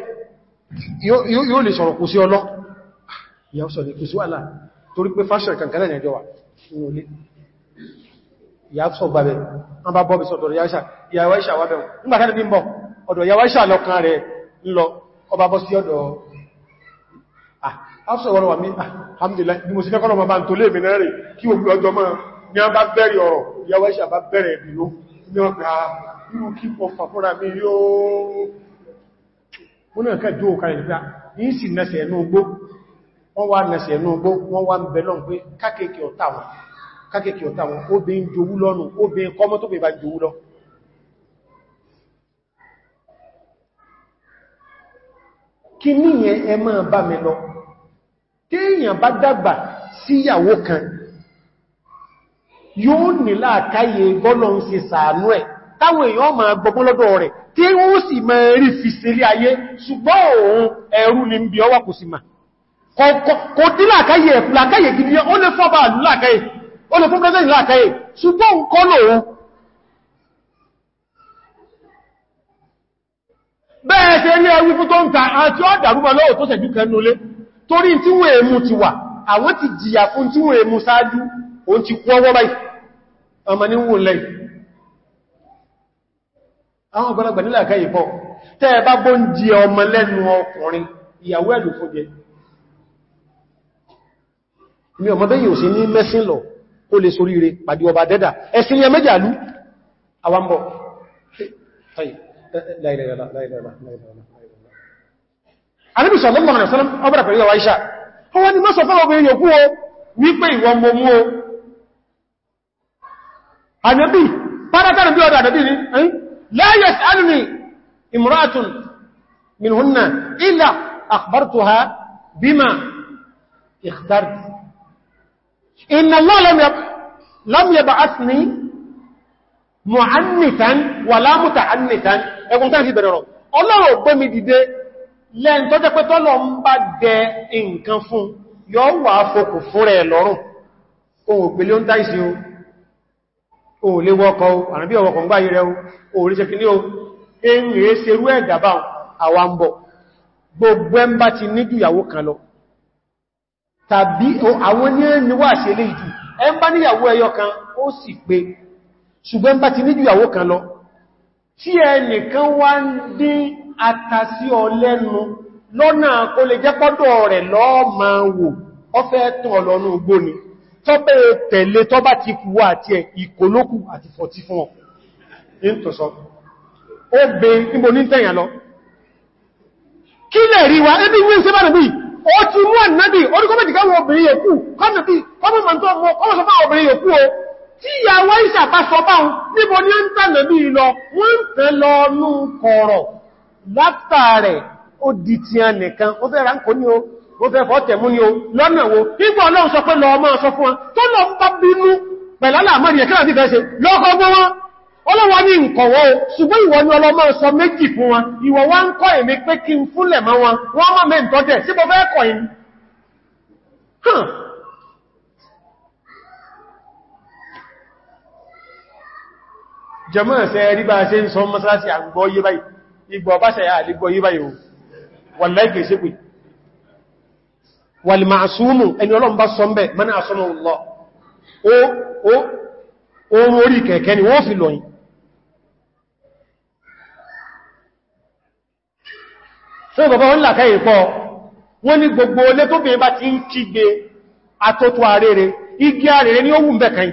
yóò lè sọ̀rọ̀ kò sí ọlọ́ ah, ìyàwó sọ̀rọ̀ kò sí wà láà torí pé fásitì kankanáà ní nínú ilé ìyàtọ̀ gbàbẹ̀ wọ́n bá bọ́bí sọ́dọ̀ yáṣà ìyàwó ìṣà wà bẹ̀rún nígbàtà ní bọ̀ ọ̀dọ̀ ìyàwó ìṣà lọ́kàn rẹ̀ lọ ọba bọ́ sí ọ̀dọ̀ afṣọ́wọ́rọ̀wà mi alhamdulillah bí mo sí fẹ́kọ́lọ̀ ma bá ń tó lè mi náà rẹ̀ kí o gbí ọjọ́ mọ́ ní a bá bẹ̀rẹ̀ ọ̀rọ̀ ìyàwó ìṣà bá bẹ̀rẹ̀ ìbìlú ní ọ̀pẹ́ irú kí pọ̀ fàfúnra mi yóò múnà kẹ́ jù ó kalẹ̀ nígbà ní sì nẹ́sẹ̀ ẹ̀nú ogbó wọ́n wá nẹ̀sẹ̀ ẹ̀nú ogbó wọ́n wá ń bẹ lọ́n pé kákèkè ọ̀tá wọn kákèkè ọ̀tá wọn obìnrin jowú lọ́nu obìnrin kọ́mọ́ tó bèbà jowú lọ kí níyẹn ẹ máa bá mi lọ téèyàn bá dàgbà síyàwó kan yóò ní láàkáyè bọ́lọ̀ sàánú ẹ̀ táwọn èèyàn máa gbọ́gbọ́n lọ́dọ̀ rẹ̀ tí ó sì máa fi sílé ayé ṣùgbọ́n òun ẹ̀rú ni ń bí ọwà kò sì máa kò dí làkáyè làkáyè gidi ó lè fọ́bà àlú làkáyè ó lè fún president làkáyè ṣùgbọ́n kọ́ lòun bẹ́ẹ̀ ṣe ní ẹwú fún tó ń ta àti ó dàrúmọ lọ́wọ́ tó ṣẹ̀jú kẹnulé torí tí wọ́n èmú ti wà àwọn ti jìyà fún tí wọ́n èmú sáájú òun ti kú ọwọ́ báyìí ọmọ ní wùn lẹ́yìn àwọn ọgbọ̀lọgbọ̀ nílẹ̀ àkáyè pọ̀ tẹ́ẹ̀ bá bó ń jẹ ọmọ lẹ́nu ọkùnrin ìyàwó ẹ̀lú fún jẹ mi ọmọdé yìí ò sí ní mẹ́sìn lọ kó lè sorí rẹ̀ pàdé ọba dẹ́dà ẹ̀sìn ni ẹmẹ́jà lú àwambọ̀ Ànábì, párákàrùn bí ọdá ànábì ni, eh? la yas'alni imra'atun إن الله لم لم يبعثني معنفا ولا متعنفا ẹkùn tán sí bẹ̀rẹ̀ rọ̀ ọlọ́rọ̀ gbé mi dìde lẹ́n tó jẹ́ dẹ nǹkan fún yọ wà fòkù fún rẹ̀ O ohun o ohun lè wọ́kọ́ o o èyí gbogbo ti tàbí àwọn ní ẹniwà ṣe lè jù ẹ ń bá níyàwó ẹyọ kan ó sì pé ṣùgbọ́n bá ti níjú ìyàwó kan lọ tí ẹnìkan wá ń dín àtàsí ọlẹ́nu lọ́nà kó lè jẹ́ pọ́dọ̀ rẹ̀ lọ́ọ̀mà ni tọ́bẹ̀ tẹ̀lé tọ́bá ti kú àti ìkólókù kí lẹ̀ rí wa ẹbí wí sí bá ó ti mú ànábì oríkọ́ méjì káwọn obìnrin yòókù kọ́nàbí kọ́mọ̀sọ́fà obìnrin yòókù o tí ìyàwó ìṣàpá sọpá un níbo ní ń tànàbí lọ wọ́n ń tẹ́ lọ nú kọ̀rọ̀ látà rẹ̀ ó di ti a nìkan ó fẹ́ ránkó ní o ó fẹ́ fọ́ tẹ̀mú ní o lọ́nà wo nígbà ọlọ́run sọ pé lọ ọmọ sọ fún wọn tó lọ bá bínú pẹ̀lá ọlọ́wọ́ ní ǹkọ̀wọ́ ṣùgbọ́n ìwọ ní ọlọ́mọ́ sọ méjì fún wọn ìwọ wá ń kọ́ èmi pé kí n fúnlẹ̀ mọ́ wọn wọ́n mọ́ mẹ́ ìtọ́jẹ̀ sí bọ́ fẹ́ kọ̀ ìní jẹmọ́ ẹ̀sẹ̀ rí bá ṣe ń sọ mọ́sálásí àgbọ́ o wàlá ìgbè ṣe orí kẹ̀kẹ́ ni wọ́n fi lọ́yìn ṣe bàbá wọn làkẹ́ ìpọ̀ wọ́n gbogbo olé tó bèèrè bá ti ń kígbe àtótó arére igi arére ní ohun bẹ̀kẹ́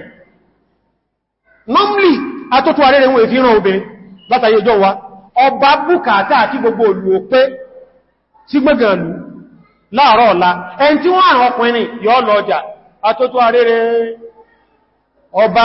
normally àtótó arére wọ́n èfihàn obìnrin látàrí ọjọ́ wa ọba bùkátà àti gbogbo olù sí gbẹ́gànlú láàárọ̀ ọ̀la ọjà ọba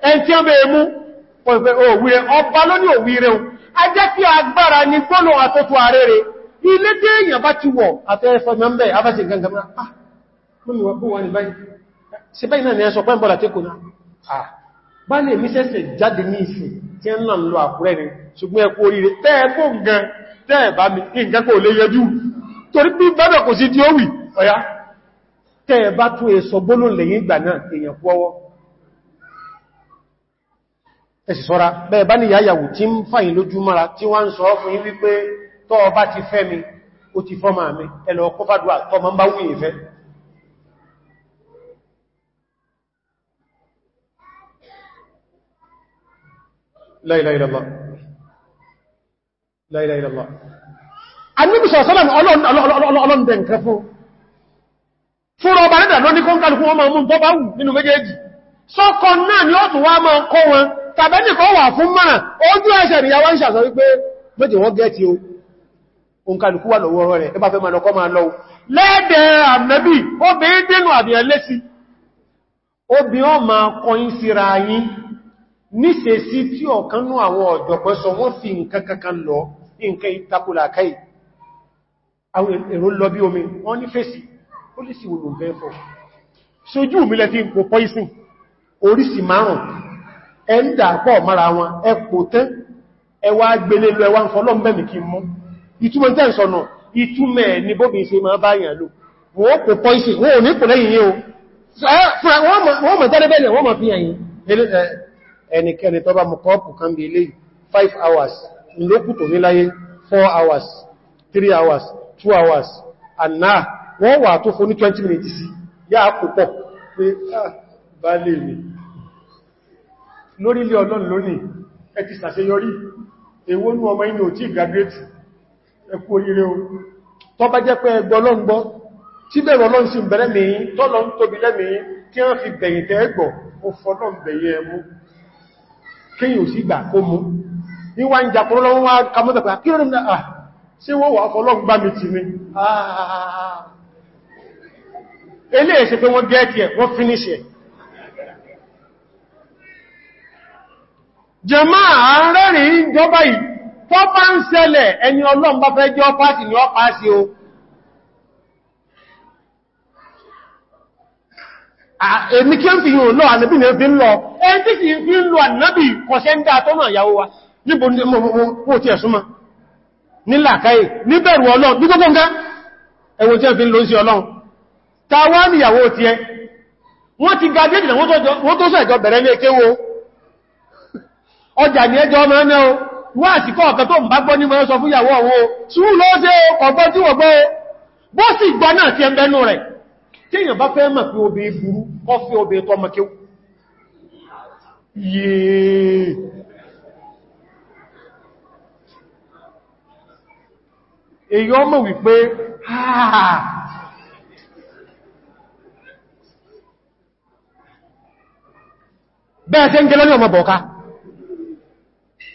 ẹn tí ó bèé mú pọ̀pẹ̀ òwúrẹ ọba ló òwúrẹ o a jẹ́ kí agbára ní gbọ́nà àtọ́tù ààrẹ rẹ̀ ilé tí èyàn bá ti wọ̀ àtẹ́ẹ̀fọ́ mẹ́mbẹ̀ afẹ́sì ah mọ́mí wọ́n bú wọn ní báyìí ni ẹ sọ ah bá ni ṣùgbọ́n ẹkù oríire tẹ́ẹ̀kù gan tẹ́ẹ̀bá mi nǹkan kò lè yẹjú torí bí bẹ́bẹ̀ kò sí tí ó wì ọ̀yá tẹ́ẹ̀bá tún èso gbóló lẹ́yìn ìgbà náà èèyàn kú ẹ̀sì sọ́ra bẹ́ẹ̀ bá ní yáyàwó tí ń fàyìn lójú mara tí wá ń sọ fún yín wípé tọ́ ọba ti fẹ́ mi ó ti fọ́ máa mi ẹlọ ọkọ́ fàdúwà tọ́ ma ń bá wúyè fẹ́ La ilaha illallah La ilaha illallah anúbìsọ̀ sọ́lọ̀mù ọlọ́ndẹ̀ nǹkan fún fúnra ọba nídà lọ́ní kọ́nkálùkú wọn máa mú bọ́bá wù nínú méjèèjì sọ́kọ̀ náà ni ó tún wá máa kọ́ wọn tàbẹ́nì kan wà fún mọ́nà ojú ẹsẹ̀ ìyàwó ń sàsọ wípé méjì wọ́n gẹ́ẹ̀tì o òǹkàlùkú wà lọ́wọ́ rẹ̀ ẹbá fẹ́ mọ́nà máa lọ́wọ́ lẹ́ẹ̀dẹ̀ àmẹ́bí obìnrin dínú àbìyàn lẹ́sí obìnrin ó máa kọyín síra yín níṣẹ́sí tí ọ̀kanú àwọn ọ̀jọ̀pẹ́ sọ wọ́n fi nǹkan kankan lọ nǹkan ìtakùlàkáì àwọn èrò lọ bí omi márùn-ún ẹ̀ndà pọ̀ mara wọn ẹpò tán ẹwà gbélé lọ ẹwà ń fọ́ lọ́m̀bẹ̀mì kí mú ìtumọ̀ tẹ́ ìsọ̀nà ìtumẹ̀ ní bóbi ṣe máa bá yàn lò wọ́n kò pọ́ ìṣẹ́ wọ́n ò ní kò lẹ́yìn yíò wọ́n mọ̀ tẹ́lẹ̀ bẹ́ẹ̀ wọ́n mọ̀ fi yàn ẹnikẹ́ni tó bá mú kọ́ọ̀pù kan bí ilé 5 hours ìlókù tó ní láyé 4 hours 3 hours 2 hours àná wọ́n wà tó fún ní 20 minutes yá àpòpọ̀ pé ah bá lè rìn lórílẹ̀ ọlọ́run lónìí ẹ ti ṣàṣeyọrí èwo ní ọmọ inú tí graduate ẹ kú oríire o tọ́ bá jẹ́ pé ẹgbọ́ ọlọ́run gbọ́ tí bẹ̀rọ ọlọ́run sí bẹ̀rẹ̀ mìí tọ́lọ ń tóbi lẹ́mìí tí wọ́n fi bẹ̀yìn tẹ́ ẹgbọ̀ ó fọ́lọ́n bẹ̀yẹ ẹmú kíyàn sí gbà kó mú ah, níwá ah, ah, eléèṣe pé wọ́n gẹ́ẹ̀tì ẹ̀ wọ́n finish ẹ̀ jẹmá àárẹ́rìn ìjọba yìí tó bá ń ṣẹlẹ̀ ẹni ọlọ́run bá fẹ́ jẹ́ ọpáṣì ni ọpáṣì o èmi kí ń fi yíò lọ ànàbí ni fi ń lọ ẹni tí sì fi ń lọ ànàbí kọ̀ṣẹ́ ń dáa tọ́nà ìyàwó wa níbo ní mọ́ tí ẹ̀súnmọ́ ní làkáyè níbẹ̀rù ọlọ́run bí gbogbo nǹkan ẹwọ́n tí ẹ fi ń lọ sí ọlọ́run ta wá níyàwó tí ẹ wọ́n ti ga déjì náà wọ́n tó sọ ìjọ bẹ̀rẹ̀ ní ekéwó ọjà ní ẹjọ́ ọmọ ẹ̀nà o wọ́n àsìkọ́ ọ̀kan tó ń bá gbọ́ ní mọ́ sọ fún ìyàwó ọwọ́ ṣúú ló ṣe ọgbọ́n tí wọ́n gbọ́ bó sì gbọ́ náà ti ẹgbẹ́nu rẹ̀ tí èyàn bá fẹ́ mọ̀ pé obìnrin bẹ́ẹ̀ ń ọmọ bọ̀ká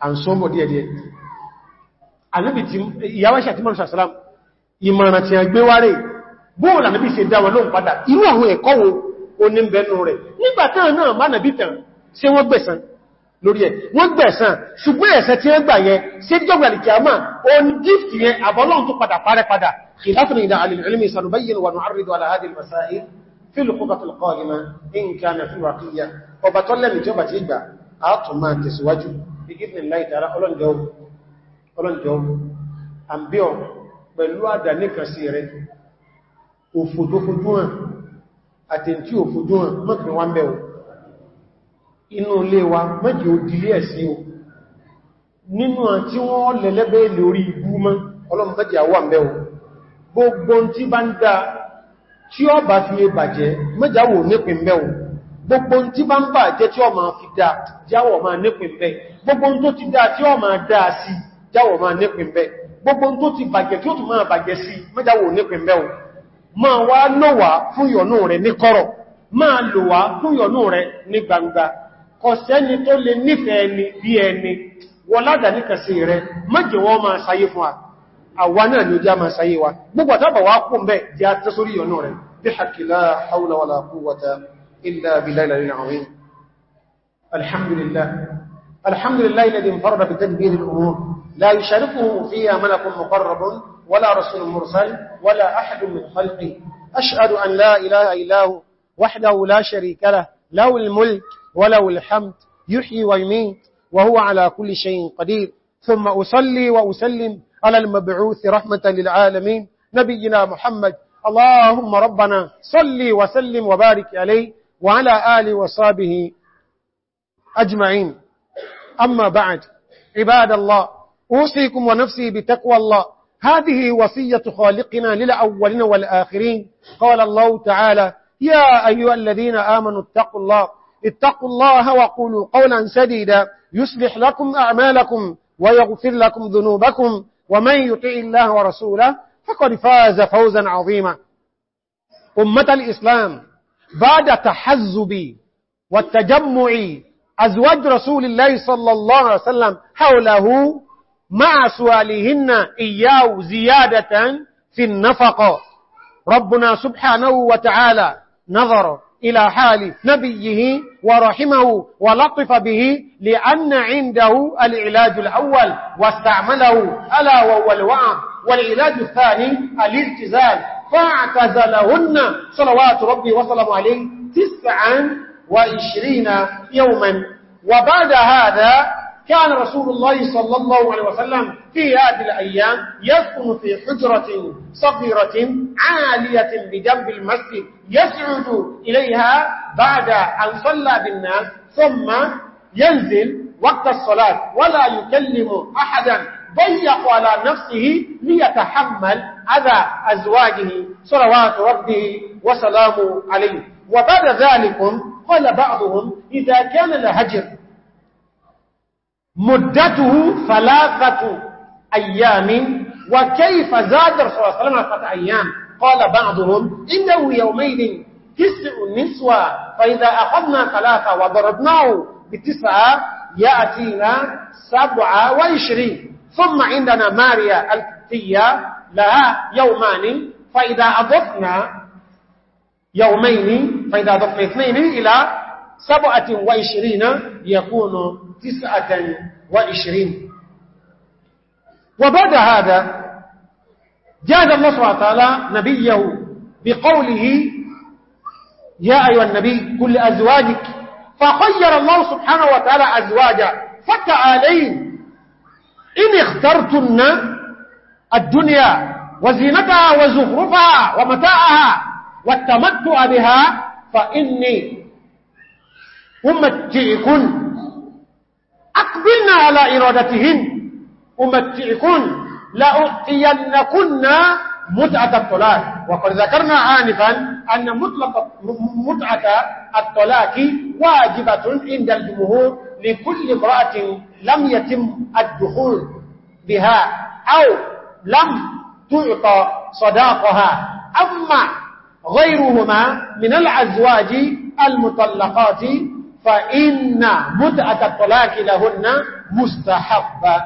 and somebody díẹ̀díẹ̀ alẹ́bì tí ìyáwáṣà tí mọ́rún sàṣàlám ìmọ̀ràn tí a gbé wáré bóò lànàbí ṣe dáwọn lóhun padà irú àwọn ẹ̀kọ́ wo o ní bẹnu rẹ̀ nígbàtán náà má nàbí tàn ṣe wọ́n gbẹ̀san lórí ẹ̀ wọ́n gbẹ̀san ṣùgbọ́n ẹ̀ṣẹ̀ tí wọ́n gbà yẹn ṣe jọ́gbà lè kíyàmá o ní gift yẹn àbọ́lọ́n tó padà parẹ́ padà khilafun ila al-ilmi sanubayyin wa nu'arridu ala hadhihi al-masail fi al-khutbah al-qadimah in kana fi waqiya ọba tọ́lẹ̀mì tí ó ti gbà á tún máa tẹ̀síwájú ìgídìní láìtara ọlọ́njọ́ àbíọ̀ pẹ̀lú àdáníkàsí rẹ̀ òfòdófòdúnà àtẹ̀ntí òfòdúnà mọ́kànlá wá mẹ́wọ̀ inú ilé wa mẹ́jì ó dìlé ẹ̀sí o nínú àti wọ́n lẹ̀lẹ́bẹ̀ ilẹ̀ orí ibú mọ́ ọlọ́mọ́jì àwọ́ mẹ́wọ̀ gbogbo tí bá ń dá tí ọ bá fi lè gbogbo tí bá ń bà jẹ́ tí ọ ma fi dáa jáwọ̀ ma nípin bẹ́ gbogbo tó ti dáa tí ọ ma dáa sí jáwọ̀ ma bẹ́ gbogbo tó ti bàjẹ́ tí ó tún máa bàjẹ́ sí mẹ́jáwọ̀ nípin bẹ́ máa wá lò fún yọ̀nú rẹ̀ ní kọ̀rọ̀ máa lò fún yọ̀nú rẹ̀ ní gbangba ni hakila haula wala إلا بالليل العظيم الحمد لله الحمد لله الذي انفرد بتدبير الأمور لا يشاركه فيها ملك مقرب ولا رسول مرسل ولا أحد من خلقه أشهد أن لا إله إلا هو وحده لا شريك له له الملك وله الحمد يحيي ويميت وهو على كل شيء قدير ثم أصلي وأسلم على المبعوث رحمة للعالمين نبينا محمد اللهم ربنا صلي وسلم وبارك عليه وعلى آل وصابه أجمعين أما بعد عباد الله أوصيكم ونفسي بتقوى الله هذه وصية خالقنا للأولين والآخرين قال الله تعالى يا أيها الذين آمنوا اتقوا الله اتقوا الله وقولوا قولا سديدا يصلح لكم أعمالكم ويغفر لكم ذنوبكم ومن يطع الله ورسوله فقد فاز فوزا عظيما أمة الإسلام بعد تحزب والتجمع أزواج رسول الله صلى الله عليه وسلم حوله مع سؤالهن إياه زيادة في النفقة ربنا سبحانه وتعالى نظر إلى حال نبيه ورحمه ولطف به لأن عنده العلاج الأول واستعمله ألا وهو الوعظ والعلاج الثاني الالتزام فاعتزلهن صلوات ربي وسلم عليه تسعا وعشرين يوما وبعد هذا كان رسول الله صلى الله عليه وسلم في هذه الأيام يسكن في حجرة صغيرة عالية بجنب المسجد يسعد إليها بعد أن صلى بالناس ثم ينزل وقت الصلاة ولا يكلم أحدا ضيق على نفسه ليتحمل أذى أزواجه صلوات ربه وسلامه عليه وبعد ذلك قال بعضهم إذا كان الهجر مدته ثلاثة أيام وكيف زاد رسول الله صلى الله عليه وسلم أيام قال بعضهم إنه يومين تسع نسوة فإذا أخذنا ثلاثة وضربناه بتسعة يأتينا سبعة وعشرين ثم عندنا ماريا الكتية لها يومان فإذا أضفنا يومين فإذا أضفنا اثنين إلى سبعة وعشرين يكون تسعة وعشرين وبعد هذا جاد الله سبحانه وتعالى نبيه بقوله يا أيها النبي كل أزواجك فخير الله سبحانه وتعالى أزواجا فتعالين إن اخترتن الدنيا وزينتها وزخرفها ومتاعها والتمتع بها فإني أمتئكن أقبلنا على إرادتهن أمتعكن لأعطينكن متعة الطلاق وقد ذكرنا عانفا أن مطلق متعة الطلاق واجبة عند الجمهور لكل امرأة لم يتم الدخول بها أو لم تعطى صداقها أما غيرهما من الأزواج المطلقات فإن متعة الطلاق لهن مستحبة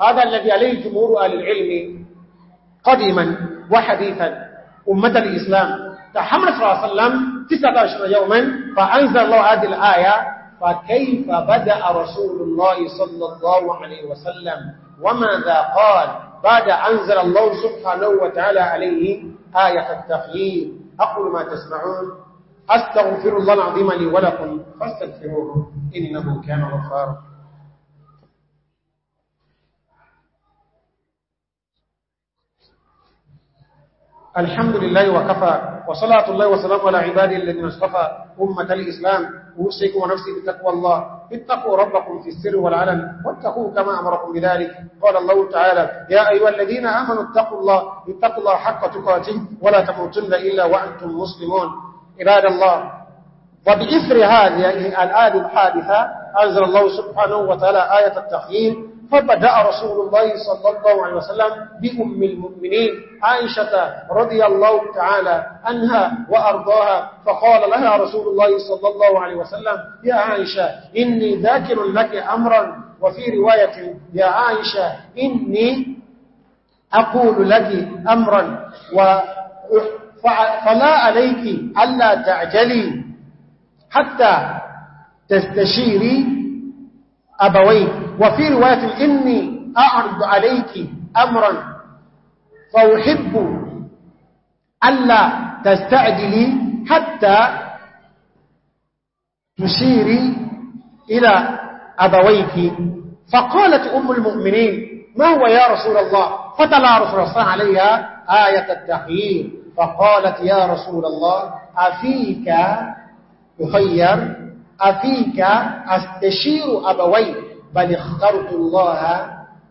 هذا الذي عليه جمهور أهل العلم قديما وحديثا أمة الإسلام تحمل صلى الله عليه وسلم تسعة عشر يوما فأنزل الله هذه الآية فكيف بدأ رسول الله صلى الله عليه وسلم وماذا قال بعد أنزل الله سبحانه وتعالى عليه آية التخيير أقول ما تسمعون أستغفر الله العظيم لي ولكم فاستغفروه إنه كان غفارا الحمد لله وكفى وصلاة الله وسلام على عباده الذين اصطفى أمة الإسلام أوصيكم ونفسي بتقوى الله اتقوا ربكم في السر والعلن واتقوا كما أمركم بذلك قال الله تعالى يا أيها الذين آمنوا اتقوا الله اتقوا الله حق تقاته ولا تموتن إلا وأنتم مسلمون عباد الله وبإثر هذه الآل الحادثة أنزل الله سبحانه وتعالى آية التخييم فبدأ رسول الله صلى الله عليه وسلم بأم المؤمنين عائشة رضي الله تعالى عنها وأرضاها فقال لها رسول الله صلى الله عليه وسلم يا عائشة إني ذاكر لك أمرا وفي رواية يا عائشة إني أقول لك أمرا و فلا عليك ألا تعجلي حتى تستشيري أبويك وفي رواية إني أعرض عليك أمرا فأحب ألا تستعجلي حتى تشيري إلى أبويك فقالت أم المؤمنين ما هو يا رسول الله فتلا رسول الله عليها آية التحيير فقالت يا رسول الله أفيك أخير أفيك أستشير أبوي بل اخترت الله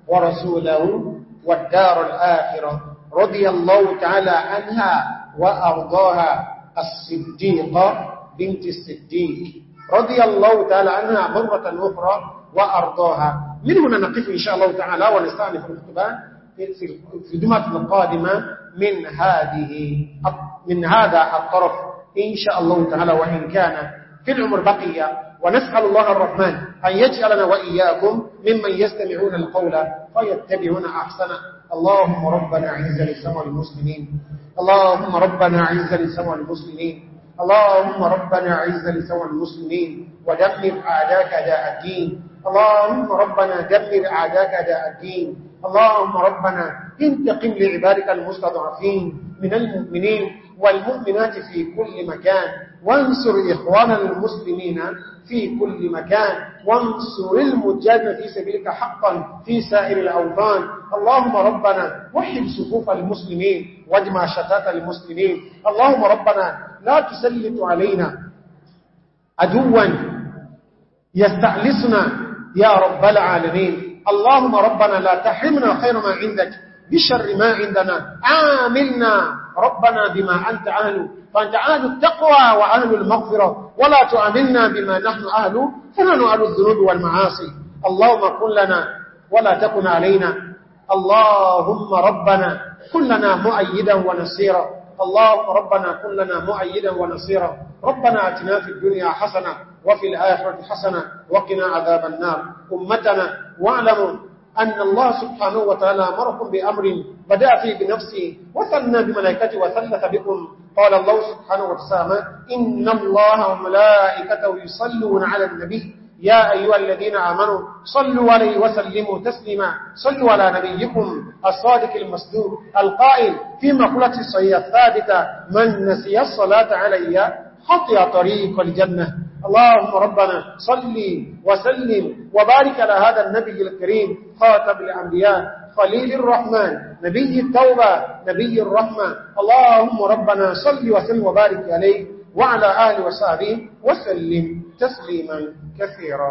ورسوله والدار الآخرة رضي الله تعالى عنها وأرضاها الصديقة بنت الصديق رضي الله تعالى عنها مرة أخرى وأرضاها من هنا نقف إن شاء الله تعالى في الخطبان في الجمعة القادمة من هذه من هذا الطرف إن شاء الله تعالى وإن كان في العمر بقية ونسأل الله الرحمن أن يجعلنا وإياكم ممن يستمعون القول فيتبعون أحسن اللهم ربنا عز لسمع المسلمين اللهم ربنا عز لسمع المسلمين اللهم ربنا عز لسوى المسلمين ودمر أعداك داع الدين اللهم ربنا دمر أعداك داع الدين اللهم ربنا انتقم لعبادك المستضعفين من المؤمنين والمؤمنات في كل مكان وانصر إخوان المسلمين في كل مكان وانصر المجاهدين في سبيلك حقا في سائر الأوطان اللهم ربنا وحب صفوف المسلمين واجمع شتات المسلمين اللهم ربنا لا تسلط علينا عدوا يستعلصنا يا رب العالمين اللهم ربنا لا تحرمنا خير ما عندك بشر ما عندنا آمنا ربنا بما أنت أهل فأنت أهل التقوى وأهل المغفرة ولا تعاملنا بما نحن أهل فنحن أهل الذنوب والمعاصي اللهم كن لنا ولا تكن علينا اللهم ربنا كن لنا مؤيدا ونصيرا اللهم ربنا كن لنا مؤيدا ونصيرا ربنا أتنا في الدنيا حسنة وفي الآخرة حسنة وقنا عذاب النار أمتنا واعلموا أن الله سبحانه وتعالى أمركم بأمر بدأ فيه بنفسه وثنى بملائكته وثلث بكم قال الله سبحانه وتعالى إن الله وملائكته يصلون على النبي يا أيها الذين آمنوا صلوا عليه وسلموا تسليما صلوا على نبيكم الصادق المسدور القائل في مقلة الصحية الثابتة من نسي الصلاة علي خطي طريق الجنة اللهم ربنا صلي وسلم وبارك على هذا النبي الكريم خاتم الأنبياء خليل الرحمن نبي التوبة نبي الرحمة اللهم ربنا صل وسلم وبارك عليه وعلى آله وصحبه وسلم تسليما كثيرا